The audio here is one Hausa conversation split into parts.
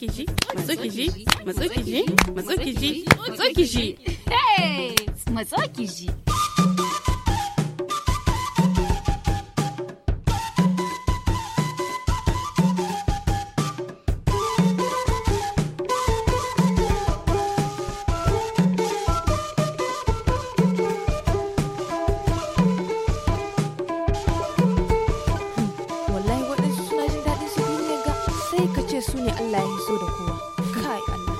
ki su ne Allah ya so da kowa kai Allah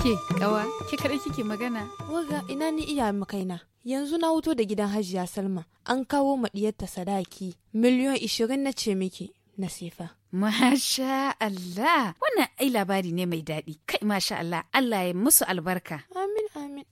ke kawa ke kada kike magana waga ina ni iya makaina yanzu na wuto da gidan Hajiya Salma an kawo maɗiyarta sadaki miliyon ishirin na ce miki nasifa Masha Allah, wannan ai labari ne mai daɗi, kai masha Allah, Allah ya musu albarka.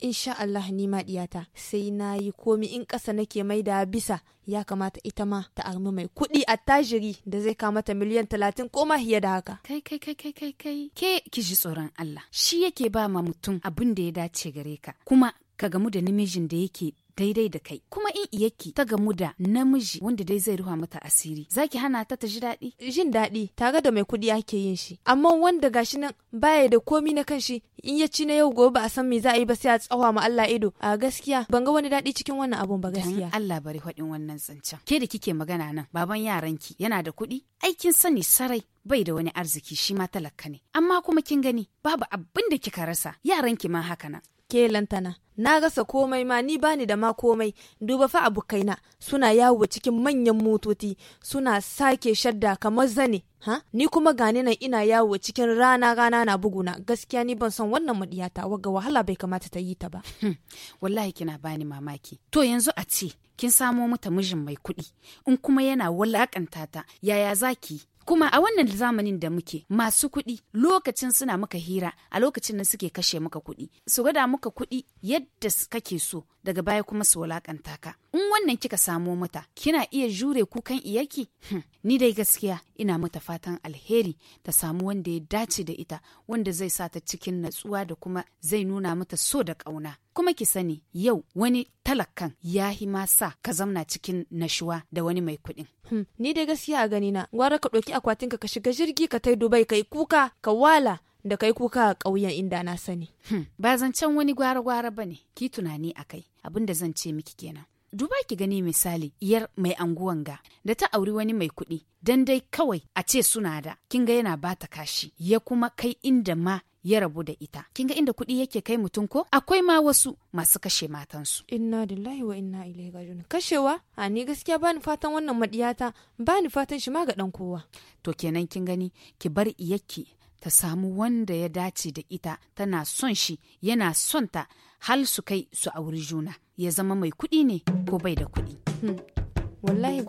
insha Allah ni ma diyata sai na yi komi in ƙasa nake mai da bisa ya kamata ita ma ta armi mai kuɗi tajiri da zai ta miliyan talatin ko ma fiye da haka. Kai kai kai kai kai kai ke ki ji tsoron Allah shi yake ba ma mutum abin da ya dace gare ka kuma ka gamu da namijin da yake daidai da kai kuma in iyaki ta gamu da namiji wanda dai zai ruha mata asiri zaki hana ta ta ji daɗi jin daɗi tare da mai kuɗi ake yin shi amma wanda gashi nan baya da komi na kanshi in ya ci na yau gobe ba a san me za a yi ba sai a tsawa ma Allah ido a gaskiya ban ga wani daɗi cikin wannan abun ba gaskiya Allah bari faɗin wannan tsancan ke da kike magana nan baban yaranki yana da kuɗi aikin sani sarai bai da wani arziki shi ma talaka ne amma kuma kin gani babu abin da kika rasa yaranki ma haka nan ke lantana na gasa komai ma ni bani da ma komai duba fa abokaina suna yawo cikin manyan motoci suna sake shadda kamar zane ha ni kuma gane nan ina yawo cikin rana rana na buguna gaskiya ni ban san wannan madiyata waga wahala bai kamata ta yi ta ba hmm, wallahi kina bani mamaki to yanzu a ce kin samo mata mijin mai kuɗi in kuma yana wulakanta ta yaya zaki kuma a wannan zamanin da muke masu kuɗi lokacin suna muka hira a lokacin da suke kashe muka kuɗi su gada muka kuɗi yadda kake so daga baya kuma su wulaƙanta ka in wannan kika samo mata kina iya jure kukan iyaki hm, ni dai gaskiya ina mata fatan alheri ta samu wanda ya dace da ita wanda zai sa ta cikin natsuwa da kuma zai nuna mata so da ƙauna kuma ki sani yau wani talakan ya hi ma sa ka zamna cikin nashuwa da wani mai kuɗin. Hmm, ni dai gaskiya a gani na gwara ka ɗauki akwatinka ka shiga jirgi ka tai Dubai ka yi kuka ka wala da kai kuka a ƙauyen inda na sani. Hmm. Ba zancen wani gwara-gwara ba ne ki tunani a kai abin da zan ce miki kenan. duba ki gani misali yar mai anguwan ga da ta auri wani mai kuɗi dan dai kawai a ce suna da kin ga yana bata kashi ya kuma kai inda ma ya rabu da ita kin ga inda kuɗi yake kai mutum ko akwai ma wasu masu kashe matansu inna lillahi wa inna ilaihi raji'un kashewa a ni gaskiya bani fatan wannan madiyata bani fatan shi ma ga dan kowa to kenan kin gani ki bar iyakki ta samu wanda ya dace da ita tana son shi yana son ta hal su kai su auri juna ya zama mai kuɗi ne ko bai da kuɗi hmm.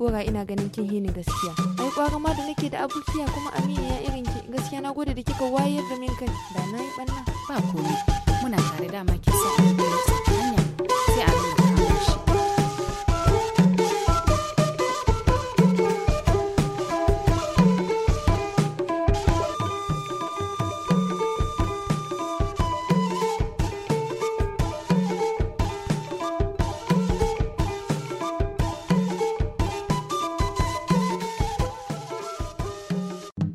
gora ina ganin kin hini gaskiya ai kwaga ma da nake da abokiya kuma ya irin ki gaskiya na gode da kika wayar da min kai da na yi banna ba komai muna tare dama ki sa hanya sai a rinka kawo shi